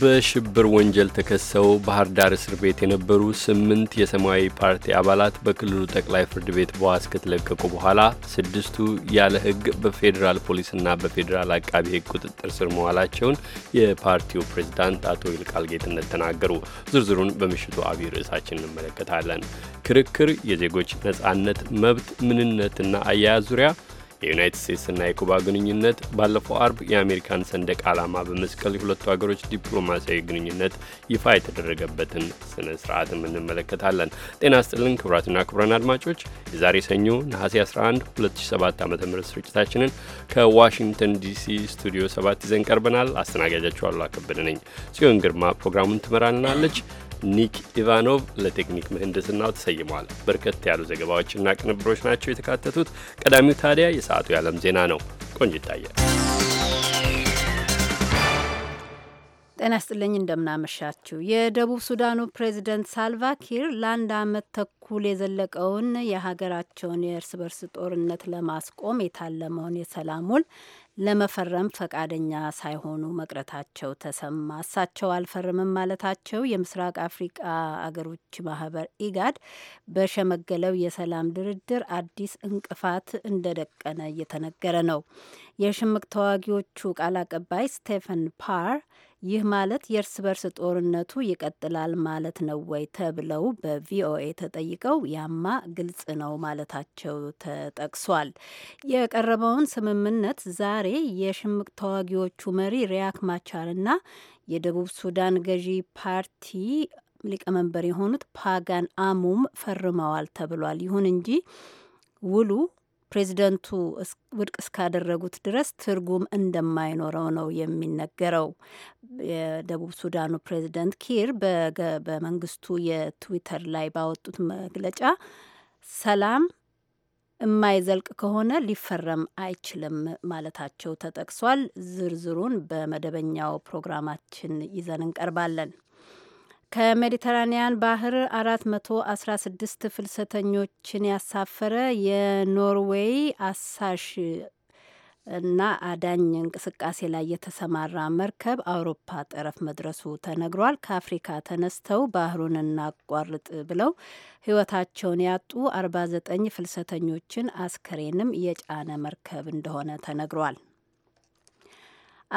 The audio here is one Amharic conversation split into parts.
በሽብር ወንጀል ተከሰው ባህር ዳር እስር ቤት የነበሩ ስምንት የሰማያዊ ፓርቲ አባላት በክልሉ ጠቅላይ ፍርድ ቤት በዋስ ከተለቀቁ በኋላ ስድስቱ ያለ ሕግ በፌዴራል ፖሊስና በፌዴራል አቃቢ ሕግ ቁጥጥር ስር መዋላቸውን የፓርቲው ፕሬዝዳንት አቶ ይልቃል ጌትነት ተናገሩ። ዝርዝሩን በምሽቱ አብይ ርዕሳችን እንመለከታለን። ክርክር የዜጎች ነጻነት መብት ምንነትና አያያዝ ዙሪያ የዩናይትድ ስቴትስና የኩባ ግንኙነት ባለፈው አርብ የአሜሪካን ሰንደቅ ዓላማ በመስቀል የሁለቱ ሀገሮች ዲፕሎማሲያዊ ግንኙነት ይፋ የተደረገበትን ስነ ስርዓትም እንመለከታለን። ጤና ስጥልን ክቡራትና ክቡራን አድማጮች የዛሬ ሰኞ ነሐሴ 11 2007 ዓ ም ስርጭታችንን ከዋሽንግተን ዲሲ ስቱዲዮ ሰባት ይዘን ቀርበናል። አስተናጋጃችኋሉ አከበደ ነኝ። ጽዮን ግርማ ፕሮግራሙን ትመራልናለች። ኒክ ኢቫኖቭ ለቴክኒክ ምህንድስናው ተሰይሟል። በርከት ያሉ ዘገባዎችና ቅንብሮች ናቸው የተካተቱት። ቀዳሚው ታዲያ የሰዓቱ የዓለም ዜና ነው። ቆንጅ ይታያል። ጤና ስጥልኝ፣ እንደምናመሻችው የደቡብ ሱዳኑ ፕሬዚደንት ሳልቫ ኪር ለአንድ አመት ተኩል የዘለቀውን የሀገራቸውን የእርስ በርስ ጦርነት ለማስቆም የታለመውን የሰላም ውል ለመፈረም ፈቃደኛ ሳይሆኑ መቅረታቸው ተሰማ። እሳቸው አልፈርምም ማለታቸው የምስራቅ አፍሪቃ አገሮች ማህበር ኢጋድ በሸመገለው የሰላም ድርድር አዲስ እንቅፋት እንደደቀነ እየተነገረ ነው። የሽምቅ ተዋጊዎቹ ቃል አቀባይ ስቴፈን ፓር ይህ ማለት የእርስ በርስ ጦርነቱ ይቀጥላል ማለት ነው ወይ ተብለው በቪኦኤ ተጠይቀው ያማ ግልጽ ነው ማለታቸው ተጠቅሷል። የቀረበውን ስምምነት ዛሬ የሽምቅ ተዋጊዎቹ መሪ ሪያክ ማቻርና የደቡብ ሱዳን ገዢ ፓርቲ ሊቀመንበር የሆኑት ፓጋን አሙም ፈርመዋል ተብሏል። ይሁን እንጂ ውሉ ፕሬዚደንቱ ውድቅ እስካደረጉት ድረስ ትርጉም እንደማይኖረው ነው የሚነገረው። የደቡብ ሱዳኑ ፕሬዚደንት ኪር በመንግስቱ የትዊተር ላይ ባወጡት መግለጫ ሰላም የማይዘልቅ ከሆነ ሊፈረም አይችልም ማለታቸው ተጠቅሷል። ዝርዝሩን በመደበኛው ፕሮግራማችን ይዘን እንቀርባለን። ከሜዲተራኒያን ባህር 416 ፍልሰተኞችን ያሳፈረ የኖርዌይ አሳሽ እና አዳኝ እንቅስቃሴ ላይ የተሰማራ መርከብ አውሮፓ ጠረፍ መድረሱ ተነግሯል። ከአፍሪካ ተነስተው ባህሩን እናቋርጥ ብለው ሕይወታቸውን ያጡ 49 ፍልሰተኞችን አስከሬንም የጫነ መርከብ እንደሆነ ተነግሯል።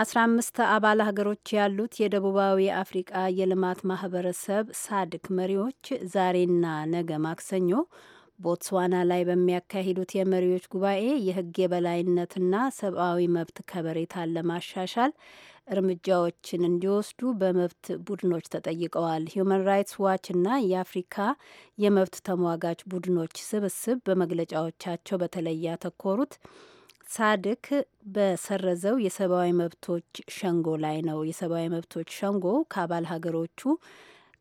አስራ አምስት አባል ሀገሮች ያሉት የደቡባዊ አፍሪቃ የልማት ማህበረሰብ ሳድክ መሪዎች ዛሬና ነገ ማክሰኞ ቦትስዋና ላይ በሚያካሂዱት የመሪዎች ጉባኤ የህግ የበላይነትና ሰብአዊ መብት ከበሬታን ለማሻሻል እርምጃዎችን እንዲወስዱ በመብት ቡድኖች ተጠይቀዋል። ሂዩማን ራይትስ ዋችና የአፍሪካ የመብት ተሟጋች ቡድኖች ስብስብ በመግለጫዎቻቸው በተለይ ያተኮሩት ሳድክ በሰረዘው የሰብአዊ መብቶች ሸንጎ ላይ ነው። የሰብአዊ መብቶች ሸንጎ ከአባል ሀገሮቹ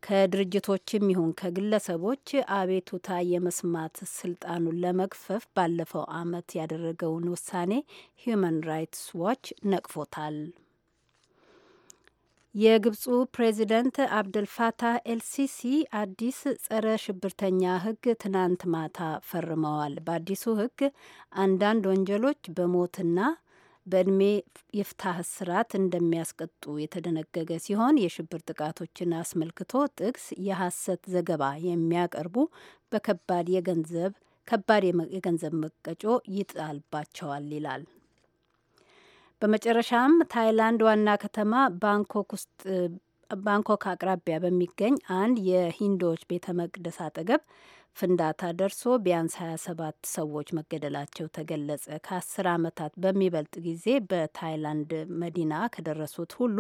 ከድርጅቶችም ይሁን ከግለሰቦች አቤቱታ የመስማት ስልጣኑን ለመግፈፍ ባለፈው ዓመት ያደረገውን ውሳኔ ሂዩማን ራይትስ ዋች ነቅፎታል። የግብፁ ፕሬዚደንት አብደልፋታህ ኤልሲሲ አዲስ ጸረ ሽብርተኛ ሕግ ትናንት ማታ ፈርመዋል። በአዲሱ ሕግ አንዳንድ ወንጀሎች በሞትና በእድሜ የፍታህ እስራት እንደሚያስቀጡ የተደነገገ ሲሆን የሽብር ጥቃቶችን አስመልክቶ ጥቅስ፣ የሐሰት ዘገባ የሚያቀርቡ በከባድ የገንዘብ ከባድ የገንዘብ መቀጮ ይጣልባቸዋል ይላል። በመጨረሻም ታይላንድ ዋና ከተማ ባንኮክ ውስጥ ባንኮክ አቅራቢያ በሚገኝ አንድ የሂንዶች ቤተ መቅደስ አጠገብ ፍንዳታ ደርሶ ቢያንስ 27 ሰዎች መገደላቸው ተገለጸ። ከአስር ዓመታት በሚበልጥ ጊዜ በታይላንድ መዲና ከደረሱት ሁሉ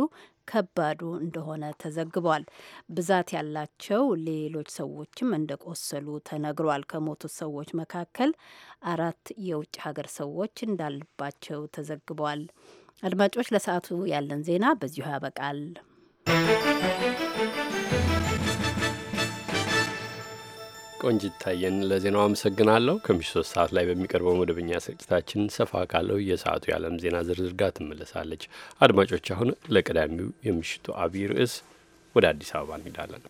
ከባዱ እንደሆነ ተዘግቧል። ብዛት ያላቸው ሌሎች ሰዎችም እንደቆሰሉ ተነግሯል። ከሞቱት ሰዎች መካከል አራት የውጭ ሀገር ሰዎች እንዳሉባቸው ተዘግቧል። አድማጮች፣ ለሰዓቱ ያለን ዜና በዚሁ ያበቃል። ቆንጅታየን ታየን ለዜናው አመሰግናለሁ። ከምሽቱ ሶስት ሰዓት ላይ በሚቀርበው መደበኛ ስርጭታችን ሰፋ ካለው የሰዓቱ የዓለም ዜና ዝርዝር ጋር ትመለሳለች። አድማጮች፣ አሁን ለቀዳሚው የምሽቱ አብይ ርዕስ ወደ አዲስ አበባ እንሄዳለን።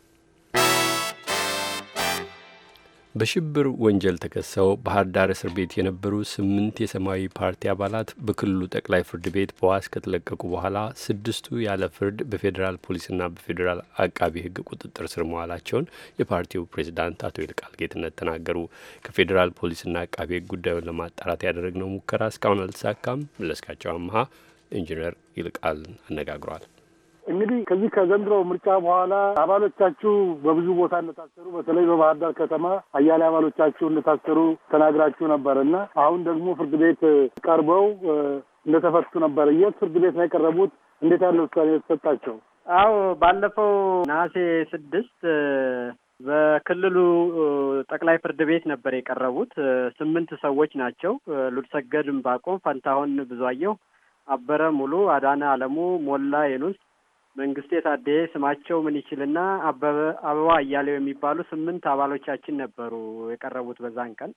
በሽብር ወንጀል ተከሰው ባህር ዳር እስር ቤት የነበሩ ስምንት የሰማያዊ ፓርቲ አባላት በክልሉ ጠቅላይ ፍርድ ቤት በዋስ ከተለቀቁ በኋላ ስድስቱ ያለ ፍርድ በፌዴራል ፖሊስና በፌዴራል አቃቢ ሕግ ቁጥጥር ስር መዋላቸውን የፓርቲው ፕሬዚዳንት አቶ ይልቃል ጌትነት ተናገሩ። ከፌዴራል ፖሊስና አቃቢ ሕግ ጉዳዩን ለማጣራት ያደረግነው ሙከራ እስካሁን አልተሳካም። መለስካቸው አመሀ ኢንጂነር ይልቃል አነጋግሯል። እንግዲህ ከዚህ ከዘንድሮ ምርጫ በኋላ አባሎቻችሁ በብዙ ቦታ እንደታሰሩ በተለይ በባህር ዳር ከተማ አያሌ አባሎቻችሁ እንደታሰሩ ተናግራችሁ ነበር እና አሁን ደግሞ ፍርድ ቤት ቀርበው እንደተፈቱ ነበር። የት ፍርድ ቤት ነው የቀረቡት? እንዴት ያለ ውሳኔ የተሰጣቸው? አዎ ባለፈው ነሐሴ ስድስት በክልሉ ጠቅላይ ፍርድ ቤት ነበር የቀረቡት። ስምንት ሰዎች ናቸው። ሉድሰገድ እምባቆም፣ ፈንታሆን ብዙአየሁ፣ አበረ ሙሉ፣ አዳነ አለሙ፣ ሞላ የኑስ መንግስት ታዴ፣ ስማቸው ምን ይችልና አበበ አበባ እያለው የሚባሉ ስምንት አባሎቻችን ነበሩ የቀረቡት በዛን ቀን።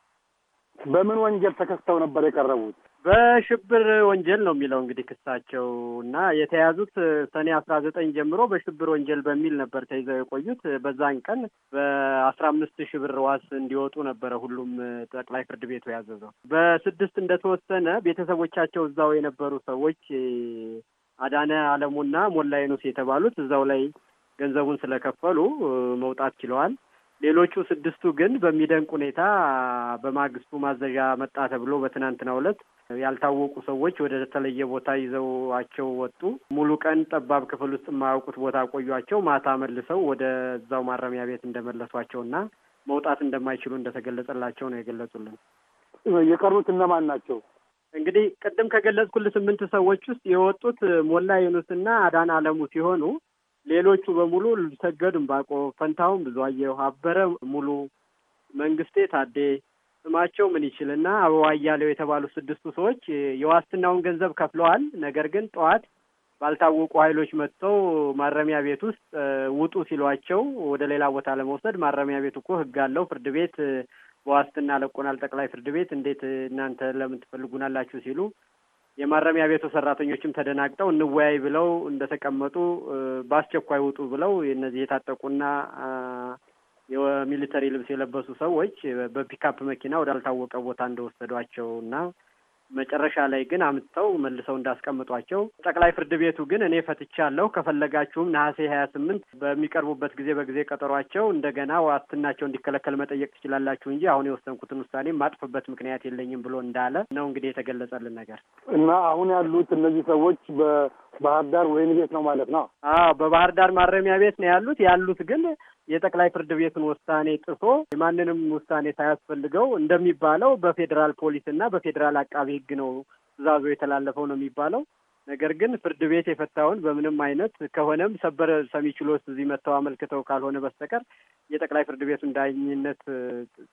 በምን ወንጀል ተከስተው ነበር የቀረቡት? በሽብር ወንጀል ነው የሚለው እንግዲህ ክሳቸው እና የተያዙት ሰኔ አስራ ዘጠኝ ጀምሮ በሽብር ወንጀል በሚል ነበር ተይዘው የቆዩት። በዛን ቀን በአስራ አምስት ሺህ ብር ዋስ እንዲወጡ ነበረ ሁሉም ጠቅላይ ፍርድ ቤቱ ያዘዘው። በስድስት እንደተወሰነ ቤተሰቦቻቸው እዛው የነበሩ ሰዎች አዳነ አለሙና ሞላይ የተባሉት እዛው ላይ ገንዘቡን ስለከፈሉ መውጣት ችለዋል። ሌሎቹ ስድስቱ ግን በሚደንቅ ሁኔታ በማግስቱ ማዘዣ መጣ ተብሎ በትናንትናው ዕለት ያልታወቁ ሰዎች ወደ ተለየ ቦታ ይዘዋቸው ወጡ። ሙሉ ቀን ጠባብ ክፍል ውስጥ የማያውቁት ቦታ ቆዩቸው። ማታ መልሰው ወደ እዛው ማረሚያ ቤት እንደመለሷቸውና መውጣት እንደማይችሉ እንደተገለጸላቸው ነው የገለጹልን። የቀሩት እነማን ናቸው? እንግዲህ ቅድም ከገለጽኩልህ ስምንት ሰዎች ውስጥ የወጡት ሞላ ዩኑስና አዳን አለሙ ሲሆኑ ሌሎቹ በሙሉ ሰገዱ ምባቆ፣ ፈንታሁን ብዙአየሁ፣ አበረ ሙሉ፣ መንግስቴ ታዴ፣ ስማቸው ምን ይችል እና አበባ እያለው የተባሉ ስድስቱ ሰዎች የዋስትናውን ገንዘብ ከፍለዋል። ነገር ግን ጠዋት ባልታወቁ ኃይሎች መጥተው ማረሚያ ቤት ውስጥ ውጡ ሲሏቸው ወደ ሌላ ቦታ ለመውሰድ ማረሚያ ቤት እኮ ህግ አለው፣ ፍርድ ቤት በዋስትና ለቆናል ጠቅላይ ፍርድ ቤት እንዴት እናንተ ለምን ትፈልጉናላችሁ ሲሉ የማረሚያ ቤቱ ሰራተኞችም ተደናግጠው እንወያይ ብለው እንደተቀመጡ በአስቸኳይ ውጡ ብለው እነዚህ የታጠቁና የሚሊተሪ ልብስ የለበሱ ሰዎች በፒካፕ መኪና ወዳልታወቀ ቦታ እንደወሰዷቸው እና መጨረሻ ላይ ግን አምጥተው መልሰው እንዳስቀምጧቸው። ጠቅላይ ፍርድ ቤቱ ግን እኔ ፈትቻለሁ፣ ከፈለጋችሁም ነሐሴ ሀያ ስምንት በሚቀርቡበት ጊዜ በጊዜ ቀጠሯቸው እንደገና ዋስትናቸው እንዲከለከል መጠየቅ ትችላላችሁ እንጂ አሁን የወሰንኩትን ውሳኔ ማጥፍበት ምክንያት የለኝም ብሎ እንዳለ ነው እንግዲህ የተገለጸልን ነገር እና አሁን ያሉት እነዚህ ሰዎች በባህር ዳር ወይን ቤት ነው ማለት ነው። አዎ በባህር ዳር ማረሚያ ቤት ነው ያሉት። ያሉት ግን የጠቅላይ ፍርድ ቤቱን ውሳኔ ጥሶ የማንንም ውሳኔ ሳያስፈልገው እንደሚባለው በፌዴራል ፖሊስ እና በፌዴራል አቃቢ ሕግ ነው ትዕዛዙ የተላለፈው ነው የሚባለው። ነገር ግን ፍርድ ቤት የፈታውን በምንም አይነት ከሆነም ሰበር ሰሚ ችሎት እዚህ መጥተው አመልክተው ካልሆነ በስተቀር የጠቅላይ ፍርድ ቤቱን ዳኝነት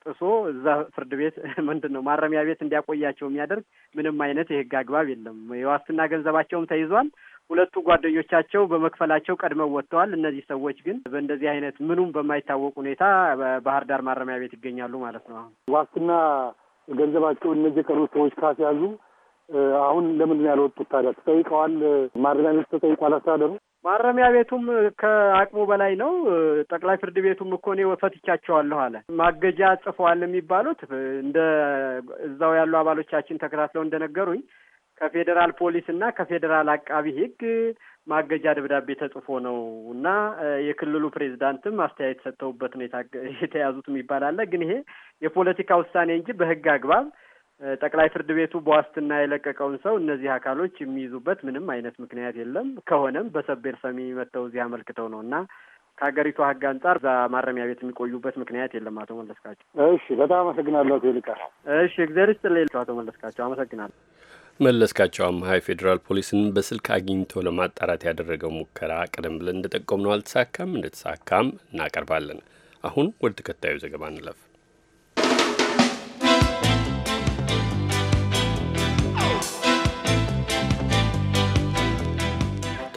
ጥሶ እዛ ፍርድ ቤት ምንድን ነው ማረሚያ ቤት እንዲያቆያቸው የሚያደርግ ምንም አይነት የህግ አግባብ የለም። የዋስትና ገንዘባቸውም ተይዟል። ሁለቱ ጓደኞቻቸው በመክፈላቸው ቀድመው ወጥተዋል። እነዚህ ሰዎች ግን በእንደዚህ አይነት ምኑም በማይታወቅ ሁኔታ ባህር ዳር ማረሚያ ቤት ይገኛሉ ማለት ነው። ዋስትና ገንዘባቸው እነዚህ የቀሩት ሰዎች ካስያዙ አሁን ለምንድን ነው ያልወጡት ታዲያ? ተጠይቀዋል? ማረሚያ ቤት ተጠይቋል? አስተዳደሩ ማረሚያ ቤቱም ከአቅሙ በላይ ነው። ጠቅላይ ፍርድ ቤቱም እኮ እኔ ፈትቻቸዋለሁ አለ። ማገጃ ጽፈዋል የሚባሉት እንደ እዛው ያሉ አባሎቻችን ተከታትለው እንደነገሩኝ ከፌዴራል ፖሊስ እና ከፌዴራል አቃቢ ህግ ማገጃ ደብዳቤ ተጽፎ ነው እና የክልሉ ፕሬዚዳንትም አስተያየት ሰጥተውበት ነው የተያዙት የሚባል አለ። ግን ይሄ የፖለቲካ ውሳኔ እንጂ በህግ አግባብ ጠቅላይ ፍርድ ቤቱ በዋስትና የለቀቀውን ሰው እነዚህ አካሎች የሚይዙበት ምንም አይነት ምክንያት የለም። ከሆነም በሰቤር ሰሚ መጥተው እዚህ አመልክተው ነው እና ከሀገሪቱ ህግ አንጻር እዛ ማረሚያ ቤት የሚቆዩበት ምክንያት የለም። አቶ መለስካቸው፣ እሺ፣ በጣም አመሰግናለሁ። አቶ ይልቃል፣ እሺ፣ እግዚአብሔር ይስጥልኝ። አቶ መለስካቸው፣ አመሰግናለሁ። መለስካቸው አምሃ የፌዴራል ፖሊስን በስልክ አግኝቶ ለማጣራት ያደረገው ሙከራ ቀደም ብለን እንደጠቆምነው አልተሳካም። እንደተሳካም እናቀርባለን። አሁን ወደ ተከታዩ ዘገባ እንለፍ።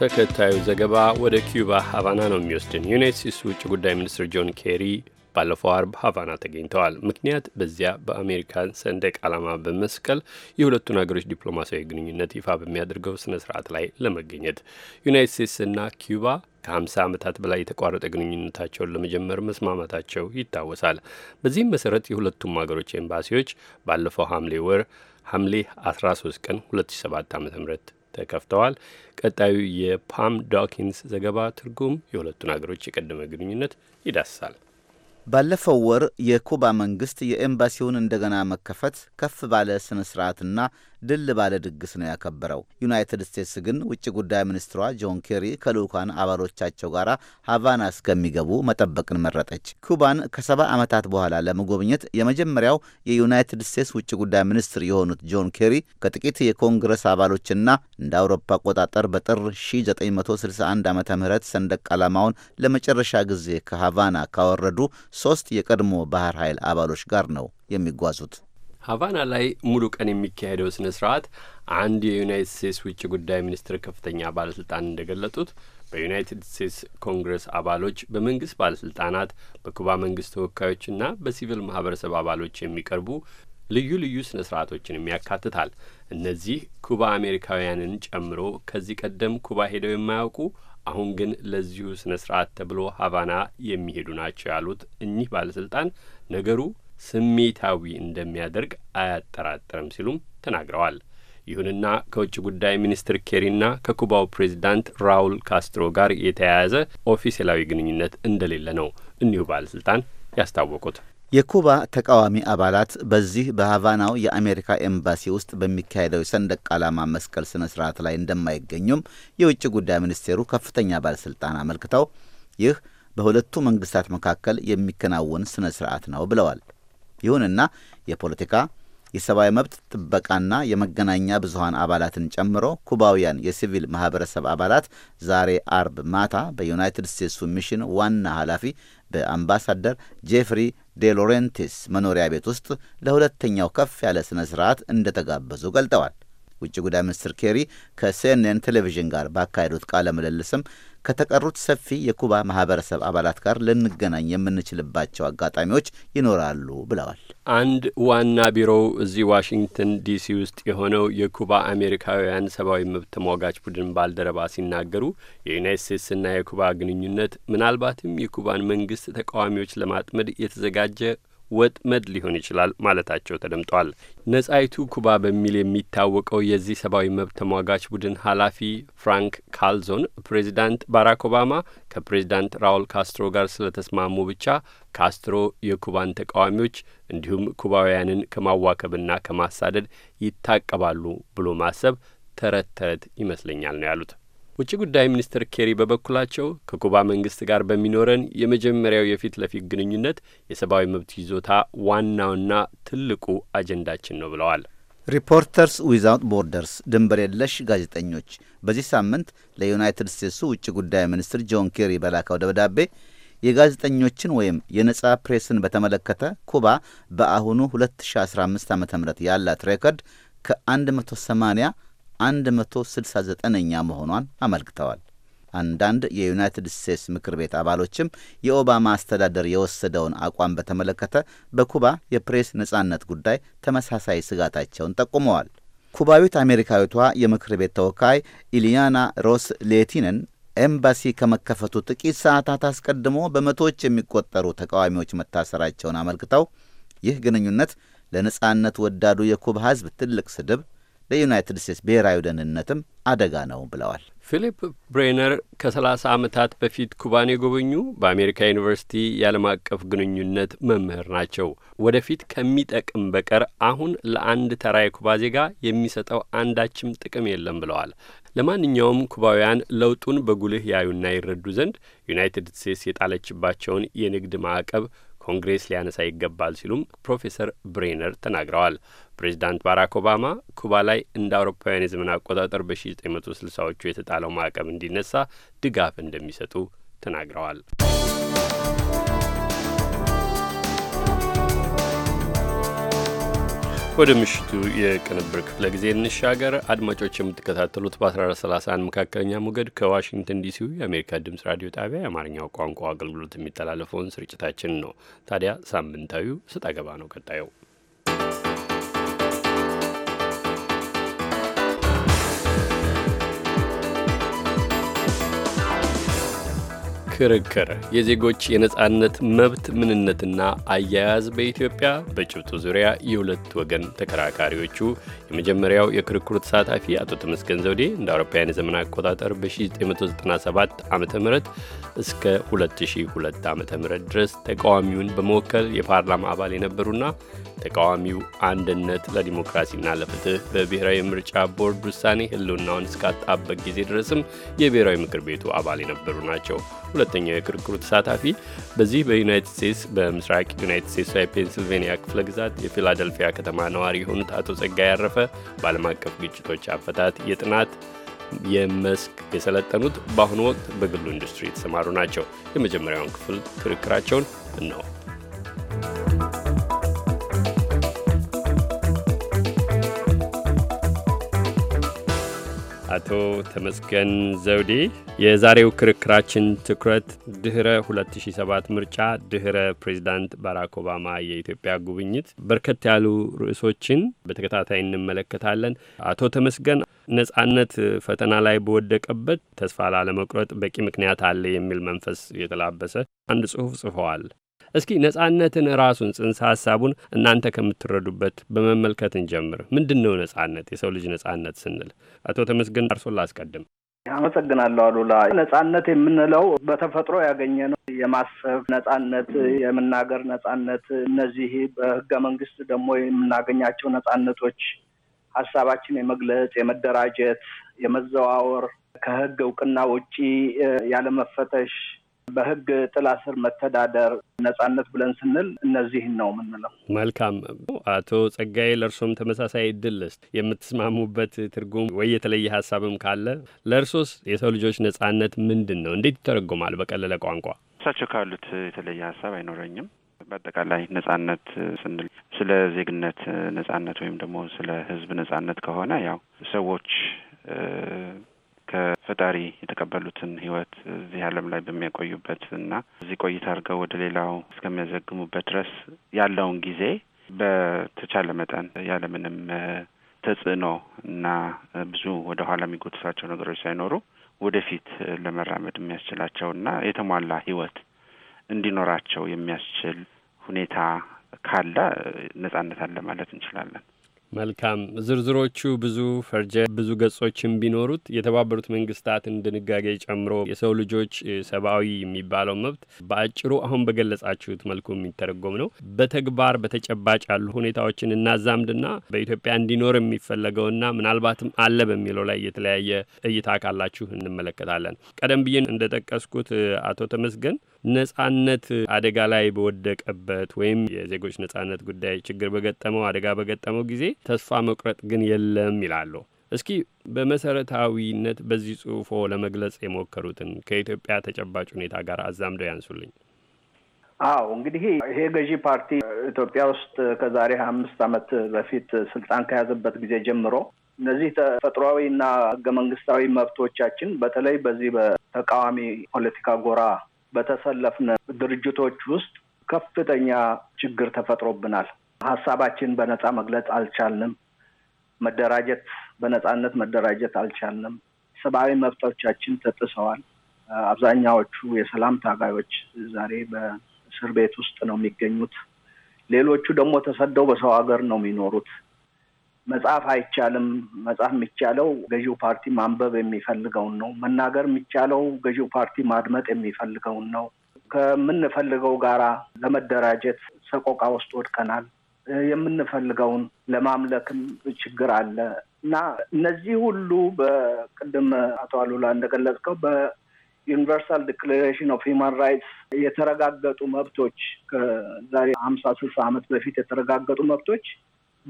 ተከታዩ ዘገባ ወደ ኪዩባ ሀቫና ነው የሚወስድን። ዩናይት ስቴትስ ውጭ ጉዳይ ሚኒስትር ጆን ኬሪ ባለፈው አርብ ሀቫና ተገኝተዋል። ምክንያት በዚያ በአሜሪካን ሰንደቅ ዓላማ በመስቀል የሁለቱን ሀገሮች ዲፕሎማሲያዊ ግንኙነት ይፋ በሚያደርገው ስነ ስርዓት ላይ ለመገኘት ዩናይት ስቴትስና ኪዩባ ከ50 ዓመታት በላይ የተቋረጠ ግንኙነታቸውን ለመጀመር መስማማታቸው ይታወሳል። በዚህም መሰረት የሁለቱም ሀገሮች ኤምባሲዎች ባለፈው ሐምሌ ወር ሐምሌ 13 ቀን 2007 ዓ ም ተከፍተዋል። ቀጣዩ የፓም ዶኪንስ ዘገባ ትርጉም የሁለቱን ሀገሮች የቀደመ ግንኙነት ይዳስሳል። ባለፈው ወር የኩባ መንግስት የኤምባሲውን እንደገና መከፈት ከፍ ባለ ስነስርዓትና ድል ባለ ድግስ ነው ያከበረው። ዩናይትድ ስቴትስ ግን ውጭ ጉዳይ ሚኒስትሯ ጆን ኬሪ ከልዑካን አባሎቻቸው ጋር ሀቫና እስከሚገቡ መጠበቅን መረጠች። ኩባን ከሰባ ዓመታት በኋላ ለመጎብኘት የመጀመሪያው የዩናይትድ ስቴትስ ውጭ ጉዳይ ሚኒስትር የሆኑት ጆን ኬሪ ከጥቂት የኮንግረስ አባሎችና እንደ አውሮፓ አቆጣጠር በጥር 1961 ዓ ም ሰንደቅ ዓላማውን ለመጨረሻ ጊዜ ከሀቫና ካወረዱ ሶስት የቀድሞ ባህር ኃይል አባሎች ጋር ነው የሚጓዙት። ሀቫና ላይ ሙሉ ቀን የሚካሄደው ስነ ስርዓት አንድ የዩናይትድ ስቴትስ ውጭ ጉዳይ ሚኒስትር ከፍተኛ ባለስልጣን እንደገለጡት በዩናይትድ ስቴትስ ኮንግረስ አባሎች፣ በመንግስት ባለስልጣናት፣ በኩባ መንግስት ተወካዮችና በሲቪል ማህበረሰብ አባሎች የሚቀርቡ ልዩ ልዩ ስነ ስርዓቶችንም ያካትታል። እነዚህ ኩባ አሜሪካውያንን ጨምሮ ከዚህ ቀደም ኩባ ሄደው የማያውቁ አሁን ግን ለዚሁ ስነ ስርዓት ተብሎ ሀቫና የሚሄዱ ናቸው ያሉት እኚህ ባለስልጣን ነገሩ ስሜታዊ እንደሚያደርግ አያጠራጥርም ሲሉም ተናግረዋል። ይሁንና ከውጭ ጉዳይ ሚኒስትር ኬሪና ከኩባው ፕሬዚዳንት ራውል ካስትሮ ጋር የተያያዘ ኦፊሴላዊ ግንኙነት እንደሌለ ነው እኒሁ ባለስልጣን ያስታወቁት። የኩባ ተቃዋሚ አባላት በዚህ በሀቫናው የአሜሪካ ኤምባሲ ውስጥ በሚካሄደው የሰንደቅ ዓላማ መስቀል ስነ ስርዓት ላይ እንደማይገኙም የውጭ ጉዳይ ሚኒስቴሩ ከፍተኛ ባለስልጣን አመልክተው ይህ በሁለቱ መንግስታት መካከል የሚከናወን ስነ ስርዓት ነው ብለዋል። ይሁንና የፖለቲካ የሰብአዊ መብት ጥበቃና የመገናኛ ብዙሀን አባላትን ጨምሮ ኩባውያን የሲቪል ማህበረሰብ አባላት ዛሬ አርብ ማታ በዩናይትድ ስቴትሱ ሚሽን ዋና ኃላፊ በአምባሳደር ጄፍሪ ዴሎሬንቲስ መኖሪያ ቤት ውስጥ ለሁለተኛው ከፍ ያለ ስነ ስርዓት እንደተጋበዙ ገልጠዋል። ውጭ ጉዳይ ሚኒስትር ኬሪ ከሲኤንኤን ቴሌቪዥን ጋር ባካሄዱት ቃለ ምልልስም ከተቀሩት ሰፊ የኩባ ማህበረሰብ አባላት ጋር ልንገናኝ የምንችልባቸው አጋጣሚዎች ይኖራሉ ብለዋል። አንድ ዋና ቢሮው እዚህ ዋሽንግተን ዲሲ ውስጥ የሆነው የኩባ አሜሪካውያን ሰብአዊ መብት ተሟጋች ቡድን ባልደረባ ሲናገሩ የዩናይት ስቴትስና የኩባ ግንኙነት ምናልባትም የኩባን መንግስት ተቃዋሚዎች ለማጥመድ የተዘጋጀ ወጥመድ ሊሆን ይችላል ማለታቸው ተደምጧል። ነጻይቱ ኩባ በሚል የሚታወቀው የዚህ ሰብአዊ መብት ተሟጋች ቡድን ኃላፊ ፍራንክ ካልዞን ፕሬዚዳንት ባራክ ኦባማ ከፕሬዚዳንት ራውል ካስትሮ ጋር ስለተስማሙ ብቻ ካስትሮ የኩባን ተቃዋሚዎች እንዲሁም ኩባውያንን ከማዋከብና ከማሳደድ ይታቀባሉ ብሎ ማሰብ ተረት ተረት ይመስለኛል ነው ያሉት። ውጭ ጉዳይ ሚኒስትር ኬሪ በበኩላቸው ከኩባ መንግስት ጋር በሚኖረን የመጀመሪያው የፊት ለፊት ግንኙነት የሰብአዊ መብት ይዞታ ዋናውና ትልቁ አጀንዳችን ነው ብለዋል። ሪፖርተርስ ዊዛውት ቦርደርስ ድንበር የለሽ ጋዜጠኞች በዚህ ሳምንት ለዩናይትድ ስቴትሱ ውጭ ጉዳይ ሚኒስትር ጆን ኬሪ በላከው ደብዳቤ የጋዜጠኞችን ወይም የነጻ ፕሬስን በተመለከተ ኩባ በአሁኑ 2015 ዓ ም ያላት ሬኮርድ ከ180 169ኛ መሆኗን አመልክተዋል። አንዳንድ የዩናይትድ ስቴትስ ምክር ቤት አባሎችም የኦባማ አስተዳደር የወሰደውን አቋም በተመለከተ በኩባ የፕሬስ ነጻነት ጉዳይ ተመሳሳይ ስጋታቸውን ጠቁመዋል። ኩባዊት አሜሪካዊቷ የምክር ቤት ተወካይ ኢሊያና ሮስ ሌቲንን ኤምባሲ ከመከፈቱ ጥቂት ሰዓታት አስቀድሞ በመቶዎች የሚቆጠሩ ተቃዋሚዎች መታሰራቸውን አመልክተው ይህ ግንኙነት ለነጻነት ወዳዱ የኩባ ሕዝብ ትልቅ ስድብ ለዩናይትድ ስቴትስ ብሔራዊ ደህንነትም አደጋ ነው ብለዋል። ፊሊፕ ብሬነር ከ30 ዓመታት በፊት ኩባን የጎበኙ በአሜሪካ ዩኒቨርሲቲ የዓለም አቀፍ ግንኙነት መምህር ናቸው። ወደፊት ከሚጠቅም በቀር አሁን ለአንድ ተራ የኩባ ዜጋ የሚሰጠው አንዳችም ጥቅም የለም ብለዋል። ለማንኛውም ኩባውያን ለውጡን በጉልህ ያዩና ይረዱ ዘንድ ዩናይትድ ስቴትስ የጣለችባቸውን የንግድ ማዕቀብ ኮንግሬስ ሊያነሳ ይገባል ሲሉም ፕሮፌሰር ብሬነር ተናግረዋል። ፕሬዚዳንት ባራክ ኦባማ ኩባ ላይ እንደ አውሮፓውያን የዘመን አቆጣጠር በ1960ዎቹ የተጣለው ማዕቀብ እንዲነሳ ድጋፍ እንደሚሰጡ ተናግረዋል። ወደ ምሽቱ የቅንብር ክፍለ ጊዜ እንሻገር። አድማጮች የምትከታተሉት በ1431 መካከለኛ ሞገድ ከዋሽንግተን ዲሲው የአሜሪካ ድምፅ ራዲዮ ጣቢያ የአማርኛው ቋንቋ አገልግሎት የሚተላለፈውን ስርጭታችን ነው። ታዲያ ሳምንታዊው ስጥ ነው ቀጣዩ ክርክር የዜጎች የነጻነት መብት ምንነትና አያያዝ በኢትዮጵያ በጭብጡ ዙሪያ የሁለት ወገን ተከራካሪዎቹ የመጀመሪያው የክርክሩ ተሳታፊ አቶ ተመስገን ዘውዴ እንደ አውሮፓውያን የዘመን አቆጣጠር በ1997 ዓ ም እስከ 2002 ዓ ም ድረስ ተቃዋሚውን በመወከል የፓርላማ አባል የነበሩና ተቃዋሚው አንድነት ለዲሞክራሲና ለፍትህ በብሔራዊ ምርጫ ቦርድ ውሳኔ ህልውናውን እስካጣበቅ ጊዜ ድረስም የብሔራዊ ምክር ቤቱ አባል የነበሩ ናቸው። ሁለተኛው የክርክሩ ተሳታፊ በዚህ በዩናይትድ ስቴትስ በምስራቅ ዩናይትድ ስቴትስ የፔንስልቬንያ ክፍለ ግዛት የፊላደልፊያ ከተማ ነዋሪ የሆኑት አቶ ጸጋይ ያረፈ በዓለም አቀፍ ግጭቶች አፈታት የጥናት የመስክ የሰለጠኑት በአሁኑ ወቅት በግሉ ኢንዱስትሪ የተሰማሩ ናቸው። የመጀመሪያውን ክፍል ክርክራቸውን እነሆ። አቶ ተመስገን ዘውዴ። የዛሬው ክርክራችን ትኩረት ድህረ 2007 ምርጫ፣ ድህረ ፕሬዚዳንት ባራክ ኦባማ የኢትዮጵያ ጉብኝት፣ በርከት ያሉ ርዕሶችን በተከታታይ እንመለከታለን። አቶ ተመስገን ነጻነት ፈተና ላይ በወደቀበት ተስፋ ላለመቁረጥ በቂ ምክንያት አለ የሚል መንፈስ የተላበሰ አንድ ጽሑፍ ጽፈዋል። እስኪ ነጻነትን ራሱን ጽንሰ ሀሳቡን እናንተ ከምትረዱበት በመመልከት እንጀምር። ምንድን ነው ነጻነት? የሰው ልጅ ነጻነት ስንል አቶ ተመስገን አርሶ ላስቀድም። አመሰግናለሁ አሉላ። ነጻነት የምንለው በተፈጥሮ ያገኘ ነው። የማሰብ ነጻነት፣ የመናገር ነጻነት፣ እነዚህ በህገ መንግስት ደግሞ የምናገኛቸው ነጻነቶች ሀሳባችን የመግለጽ፣ የመደራጀት፣ የመዘዋወር ከህግ እውቅና ውጪ ያለመፈተሽ በህግ ጥላ ስር መተዳደር ነጻነት ብለን ስንል እነዚህን ነው የምንለው። መልካም አቶ ጸጋዬ፣ ለእርሶም ተመሳሳይ እድል ልስጥ። የምትስማሙበት ትርጉም ወይ የተለየ ሀሳብም ካለ ለእርሶስ የሰው ልጆች ነጻነት ምንድን ነው? እንዴት ይተረጎማል? በቀለለ ቋንቋ እሳቸው ካሉት የተለየ ሀሳብ አይኖረኝም። በአጠቃላይ ነጻነት ስንል ስለ ዜግነት ነጻነት ወይም ደግሞ ስለ ህዝብ ነጻነት ከሆነ ያው ሰዎች ከፈጣሪ የተቀበሉትን ህይወት እዚህ ዓለም ላይ በሚያቆዩበት እና እዚህ ቆይታ አድርገው ወደ ሌላው እስከሚያዘግሙበት ድረስ ያለውን ጊዜ በተቻለ መጠን ያለምንም ተጽዕኖ እና ብዙ ወደ ኋላ የሚጎትታቸው ነገሮች ሳይኖሩ ወደፊት ለመራመድ የሚያስችላቸው እና የተሟላ ህይወት እንዲኖራቸው የሚያስችል ሁኔታ ካለ ነጻነት አለ ማለት እንችላለን። መልካም ዝርዝሮቹ ብዙ ፈርጀ ብዙ ገጾችም ቢኖሩት የተባበሩት መንግስታትን ድንጋጌ ጨምሮ የሰው ልጆች ሰብአዊ የሚባለው መብት በአጭሩ አሁን በገለጻችሁት መልኩ የሚተረጎም ነው። በተግባር በተጨባጭ ያሉ ሁኔታዎችን እናዛምድና በኢትዮጵያ እንዲኖር የሚፈለገውና ምናልባትም አለ በሚለው ላይ የተለያየ እይታ ካላችሁ እንመለከታለን። ቀደም ብዬን እንደጠቀስኩት አቶ ተመስገን ነጻነት አደጋ ላይ በወደቀበት ወይም የዜጎች ነጻነት ጉዳይ ችግር በገጠመው አደጋ በገጠመው ጊዜ ተስፋ መቁረጥ ግን የለም ይላሉ። እስኪ በመሰረታዊነት በዚህ ጽሁፎ ለመግለጽ የሞከሩትን ከኢትዮጵያ ተጨባጭ ሁኔታ ጋር አዛምደው ያንሱልኝ። አዎ እንግዲህ ይሄ ገዢ ፓርቲ ኢትዮጵያ ውስጥ ከዛሬ ሀያ አምስት ዓመት በፊት ስልጣን ከያዘበት ጊዜ ጀምሮ እነዚህ ተፈጥሯዊ እና ህገ መንግስታዊ መብቶቻችን በተለይ በዚህ በተቃዋሚ ፖለቲካ ጎራ በተሰለፍን ድርጅቶች ውስጥ ከፍተኛ ችግር ተፈጥሮብናል። ሀሳባችን በነፃ መግለጽ አልቻልንም። መደራጀት በነፃነት መደራጀት አልቻልንም። ሰብአዊ መብቶቻችን ተጥሰዋል። አብዛኛዎቹ የሰላም ታጋዮች ዛሬ በእስር ቤት ውስጥ ነው የሚገኙት። ሌሎቹ ደግሞ ተሰደው በሰው ሀገር ነው የሚኖሩት። መጽሐፍ አይቻልም። መጽሐፍ የሚቻለው ገዢው ፓርቲ ማንበብ የሚፈልገውን ነው። መናገር የሚቻለው ገዢው ፓርቲ ማድመጥ የሚፈልገውን ነው። ከምንፈልገው ጋራ ለመደራጀት ሰቆቃ ውስጥ ወድቀናል። የምንፈልገውን ለማምለክም ችግር አለ እና እነዚህ ሁሉ በቅድም አቶ አሉላ እንደገለጽከው በዩኒቨርሳል ዲክሌሬሽን ኦፍ ሂማን ራይትስ የተረጋገጡ መብቶች ከዛሬ ሀምሳ ስልሳ ዓመት በፊት የተረጋገጡ መብቶች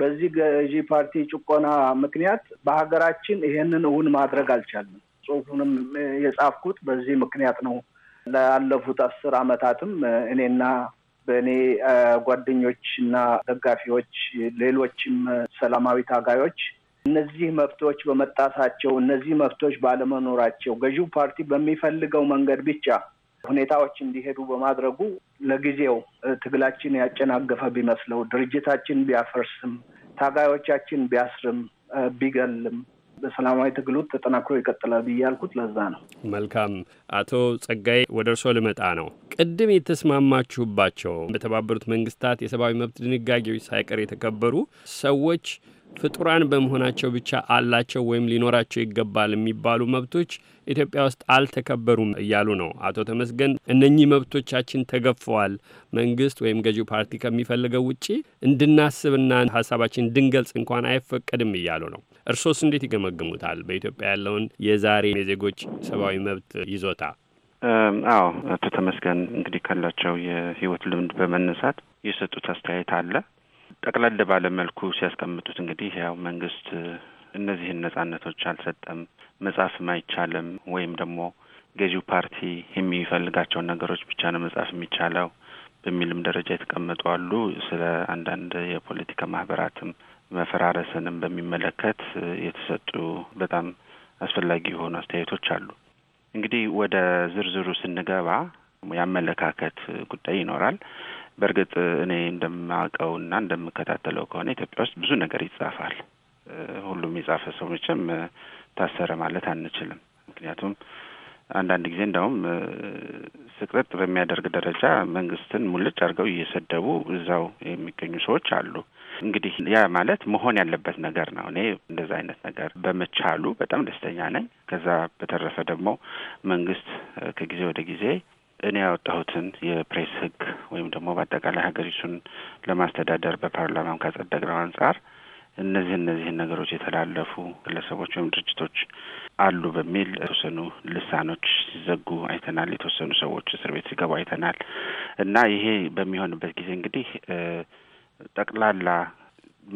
በዚህ ገዢ ፓርቲ ጭቆና ምክንያት በሀገራችን ይሄንን እውን ማድረግ አልቻለም። ጽሁፉንም የጻፍኩት በዚህ ምክንያት ነው። ላለፉት አስር አመታትም እኔና በእኔ ጓደኞች እና ደጋፊዎች፣ ሌሎችም ሰላማዊ ታጋዮች እነዚህ መብቶች በመጣሳቸው እነዚህ መብቶች ባለመኖራቸው ገዢው ፓርቲ በሚፈልገው መንገድ ብቻ ሁኔታዎች እንዲሄዱ በማድረጉ ለጊዜው ትግላችን ያጨናገፈ ቢመስለው ድርጅታችን ቢያፈርስም ታጋዮቻችን ቢያስርም ቢገልም በሰላማዊ ትግሉ ተጠናክሮ ይቀጥላል ብዬ ለዛ ነው። መልካም አቶ ጸጋይ ወደ እርሶ ልመጣ ነው። ቅድም የተስማማችሁባቸው በተባበሩት መንግስታት የሰብአዊ መብት ድንጋጌዎች ሳይቀር የተከበሩ ሰዎች ፍጡራን በመሆናቸው ብቻ አላቸው ወይም ሊኖራቸው ይገባል የሚባሉ መብቶች ኢትዮጵያ ውስጥ አልተከበሩም እያሉ ነው አቶ ተመስገን። እነኚህ መብቶቻችን ተገፈዋል፣ መንግስት ወይም ገዢው ፓርቲ ከሚፈልገው ውጪ እንድናስብና ሀሳባችን ድንገልጽ እንኳን አይፈቀድም እያሉ ነው። እርሶስ እንዴት ይገመግሙታል? በኢትዮጵያ ያለውን የዛሬ የዜጎች ሰብአዊ መብት ይዞታ? አዎ አቶ ተመስገን እንግዲህ ካላቸው የህይወት ልምድ በመነሳት የሰጡት አስተያየት አለ ጠቅለል መልኩ ሲያስቀምጡት እንግዲህ ያው መንግስት እነዚህን ነጻነቶች አልሰጠም፣ መጻፍም አይቻልም፣ ወይም ደግሞ ገዢው ፓርቲ የሚፈልጋቸውን ነገሮች ብቻ ነው መጻፍ የሚቻለው በሚልም ደረጃ የተቀመጡ አሉ። ስለ አንዳንድ የፖለቲካ ማህበራትም መፈራረስንም በሚመለከት የተሰጡ በጣም አስፈላጊ የሆኑ አስተያየቶች አሉ። እንግዲህ ወደ ዝርዝሩ ስንገባ የአመለካከት ጉዳይ ይኖራል። በእርግጥ እኔ እንደማውቀው እና እንደምከታተለው ከሆነ ኢትዮጵያ ውስጥ ብዙ ነገር ይጻፋል። ሁሉም የጻፈ ሰው መቼም ታሰረ ማለት አንችልም። ምክንያቱም አንዳንድ ጊዜ እንደውም ስቅጥጥ በሚያደርግ ደረጃ መንግስትን ሙልጭ አድርገው እየሰደቡ እዛው የሚገኙ ሰዎች አሉ። እንግዲህ ያ ማለት መሆን ያለበት ነገር ነው። እኔ እንደዛ አይነት ነገር በመቻሉ በጣም ደስተኛ ነኝ። ከዛ በተረፈ ደግሞ መንግስት ከጊዜ ወደ ጊዜ እኔ ያወጣሁትን የፕሬስ ህግ ወይም ደግሞ በአጠቃላይ ሀገሪቱን ለማስተዳደር በፓርላማም ካጸደቅነው አንጻር እነዚህ እነዚህን ነገሮች የተላለፉ ግለሰቦች ወይም ድርጅቶች አሉ በሚል የተወሰኑ ልሳኖች ሲዘጉ አይተናል። የተወሰኑ ሰዎች እስር ቤት ሲገቡ አይተናል። እና ይሄ በሚሆንበት ጊዜ እንግዲህ ጠቅላላ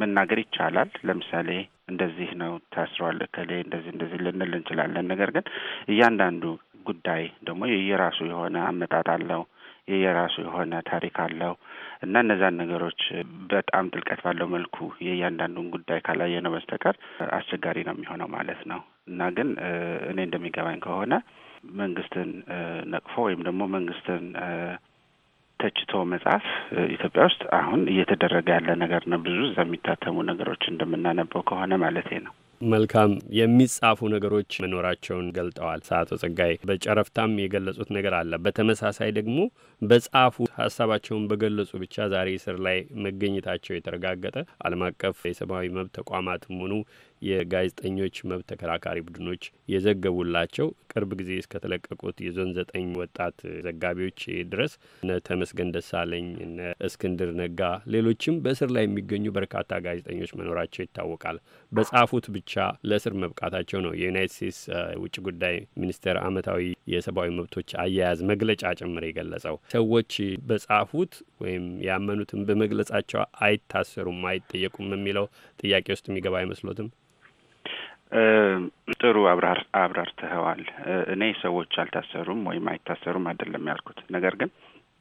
መናገር ይቻላል። ለምሳሌ እንደዚህ ነው ታስሯል፣ እከሌ እንደዚህ እንደዚህ ልንል እንችላለን። ነገር ግን እያንዳንዱ ጉዳይ ደግሞ የየራሱ የሆነ አመጣጥ አለው። የየራሱ የሆነ ታሪክ አለው እና እነዛን ነገሮች በጣም ጥልቀት ባለው መልኩ የእያንዳንዱን ጉዳይ ካላየነው በስተቀር አስቸጋሪ ነው የሚሆነው ማለት ነው እና ግን እኔ እንደሚገባኝ ከሆነ መንግስትን ነቅፎ ወይም ደግሞ መንግስትን ተችቶ መጽሐፍ ኢትዮጵያ ውስጥ አሁን እየተደረገ ያለ ነገር ነው። ብዙ እዛ የሚታተሙ ነገሮች እንደምናነበው ከሆነ ማለት ነው። መልካም የሚጻፉ ነገሮች መኖራቸውን ገልጠዋል። ሰዓቶ ጸጋይ በጨረፍታም የገለጹት ነገር አለ። በተመሳሳይ ደግሞ በጻፉ ሀሳባቸውን በገለጹ ብቻ ዛሬ ስር ላይ መገኘታቸው የተረጋገጠ ዓለም አቀፍ የሰብአዊ መብት ተቋማትም ሆኑ የጋዜጠኞች መብት ተከራካሪ ቡድኖች የዘገቡላቸው ቅርብ ጊዜ እስከተለቀቁት የዞን ዘጠኝ ወጣት ዘጋቢዎች ድረስ እነ ተመስገን ደሳለኝ፣ እነ እስክንድር ነጋ፣ ሌሎችም በእስር ላይ የሚገኙ በርካታ ጋዜጠኞች መኖራቸው ይታወቃል። በጻፉት ብቻ ለእስር መብቃታቸው ነው የዩናይት ስቴትስ ውጭ ጉዳይ ሚኒስቴር ዓመታዊ የሰብአዊ መብቶች አያያዝ መግለጫ ጭምር የገለጸው። ሰዎች በጻፉት ወይም ያመኑትን በመግለጻቸው አይታሰሩም አይጠየቁም የሚለው ጥያቄ ውስጥ የሚገባ አይመስሎትም? ጥሩ አብራር አብራርተኸዋል። እኔ ሰዎች አልታሰሩም ወይም አይታሰሩም አይደለም ያልኩት፣ ነገር ግን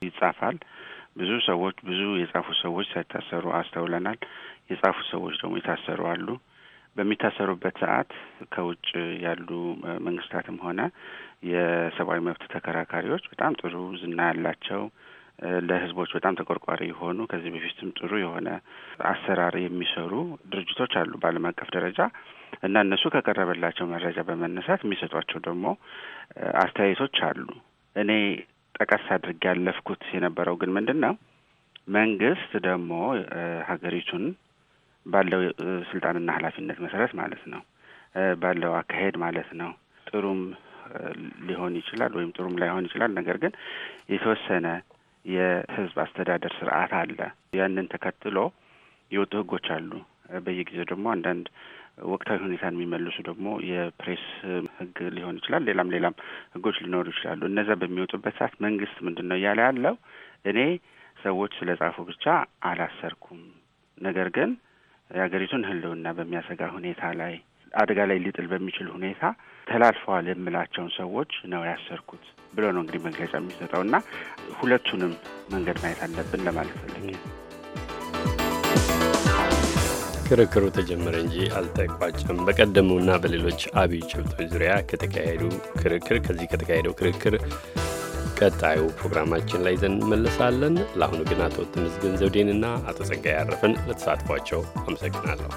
ይጻፋል። ብዙ ሰዎች ብዙ የጻፉ ሰዎች ሳይታሰሩ አስተውለናል። የጻፉ ሰዎች ደግሞ የታሰሩ አሉ። በሚታሰሩበት ሰዓት ከውጭ ያሉ መንግስታትም ሆነ የሰብአዊ መብት ተከራካሪዎች በጣም ጥሩ ዝና ያላቸው ለህዝቦች በጣም ተቆርቋሪ የሆኑ ከዚህ በፊትም ጥሩ የሆነ አሰራር የሚሰሩ ድርጅቶች አሉ በዓለም አቀፍ ደረጃ እና እነሱ ከቀረበላቸው መረጃ በመነሳት የሚሰጧቸው ደግሞ አስተያየቶች አሉ። እኔ ጠቀስ አድርጌ ያለፍኩት የነበረው ግን ምንድን ነው መንግስት ደግሞ ሀገሪቱን ባለው ስልጣንና ኃላፊነት መሰረት ማለት ነው ባለው አካሄድ ማለት ነው ጥሩም ሊሆን ይችላል ወይም ጥሩም ላይሆን ይችላል። ነገር ግን የተወሰነ የህዝብ አስተዳደር ስርዓት አለ። ያንን ተከትሎ የወጡ ህጎች አሉ። በየጊዜው ደግሞ አንዳንድ ወቅታዊ ሁኔታን የሚመልሱ ደግሞ የፕሬስ ህግ ሊሆን ይችላል። ሌላም ሌላም ህጎች ሊኖሩ ይችላሉ። እነዚያ በሚወጡበት ሰዓት መንግስት ምንድን ነው እያለ ያለው እኔ ሰዎች ስለ ጻፉ ብቻ አላሰርኩም፣ ነገር ግን የሀገሪቱን ህልውና በሚያሰጋ ሁኔታ ላይ አደጋ ላይ ሊጥል በሚችል ሁኔታ ተላልፈዋል የምላቸውን ሰዎች ነው ያሰርኩት ብሎ ነው እንግዲህ መግለጫ የሚሰጠው እና ሁለቱንም መንገድ ማየት አለብን ለማለት ፈለግ። ክርክሩ ተጀመረ እንጂ አልተቋጨም። በቀደሙና በሌሎች አብይ ጭብጦች ዙሪያ ከተካሄዱ ክርክር ከዚህ ከተካሄደው ክርክር ቀጣዩ ፕሮግራማችን ላይ ይዘን እንመለሳለን። ለአሁኑ ግን አቶ ግን ዘውዴንና አቶ ጸጋይ ያረፈን ለተሳትፏቸው አመሰግናለሁ።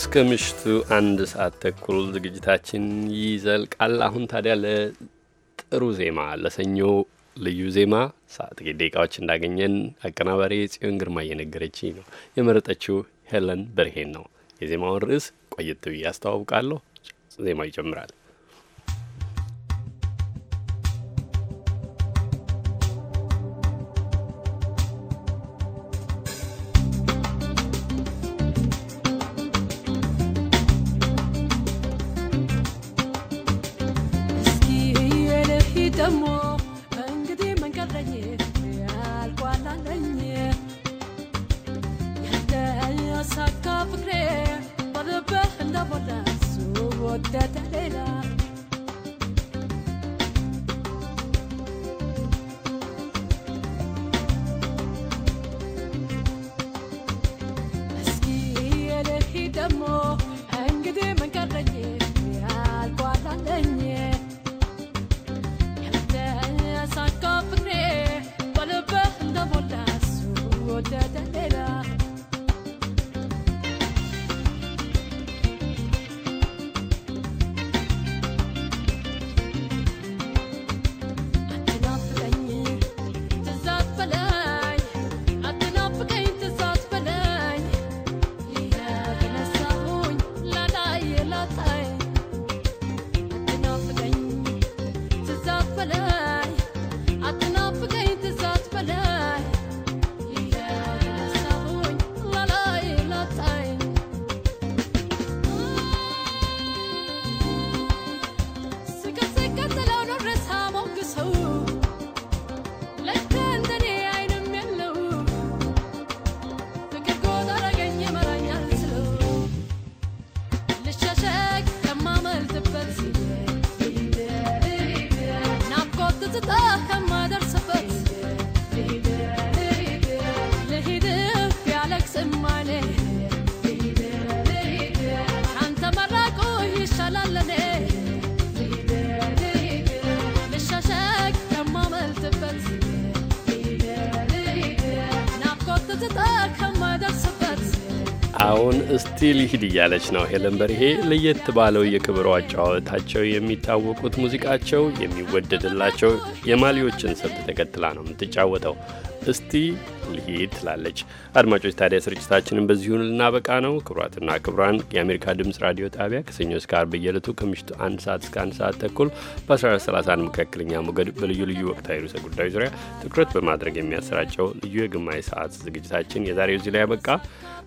እስከ ምሽቱ አንድ ሰዓት ተኩል ዝግጅታችን ይዘልቃል። አሁን ታዲያ ለጥሩ ዜማ ለሰኞ ልዩ ዜማ ጥቂት ደቂቃዎች እንዳገኘን አቀናባሪ ጽዮን ግርማ እየነገረች ነው። የመረጠችው ሄለን በርሄን ነው። የዜማውን ርዕስ ቆየት ብዬ አስተዋውቃለሁ። ዜማው ይጀምራል። ስትል ይሂድ እያለች ነው ሄለን በርሄ። ለየት ባለው የክብሮ አጫዋወታቸው የሚታወቁት ሙዚቃቸው የሚወደድላቸው የማሊዎችን ሰብት ተከትላ ነው የምትጫወተው። እስቲ ልሂድ ትላለች። አድማጮች ታዲያ ስርጭታችንን በዚሁን ልናበቃ ነው። ክቡራትና ክቡራን የአሜሪካ ድምፅ ራዲዮ ጣቢያ ከሰኞ እስከ አርብ በየዕለቱ ከምሽቱ አንድ ሰዓት እስከ አንድ ሰዓት ተኩል በ1431 መካከለኛ ሞገድ በልዩ ልዩ ወቅታዊ ርዕሰ ጉዳዮች ዙሪያ ትኩረት በማድረግ የሚያሰራጨው ልዩ የግማሽ ሰዓት ዝግጅታችን የዛሬው እዚህ ላይ ያበቃ።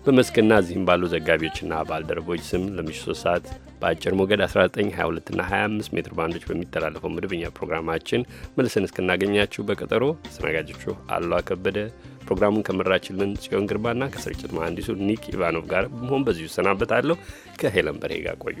በመስክና እዚህም ባሉ ዘጋቢዎችና ባልደረቦች ስም ለምሽቱ ሶስት ሰዓት በአጭር ሞገድ 1922ና 25 ሜትር ባንዶች በሚተላለፈው መደበኛ ፕሮግራማችን መልሰን እስክናገኛችሁ በቀጠሮ አስተናጋጆቹ አሉላ ከበደ ፕሮግራሙን ከመራችልን ጽዮን ግርማና ከስርጭት መሐንዲሱ ኒክ ኢቫኖቭ ጋር በመሆን በዚሁ እሰናበታለሁ። ከሄለን በሬ ጋር ቆዩ።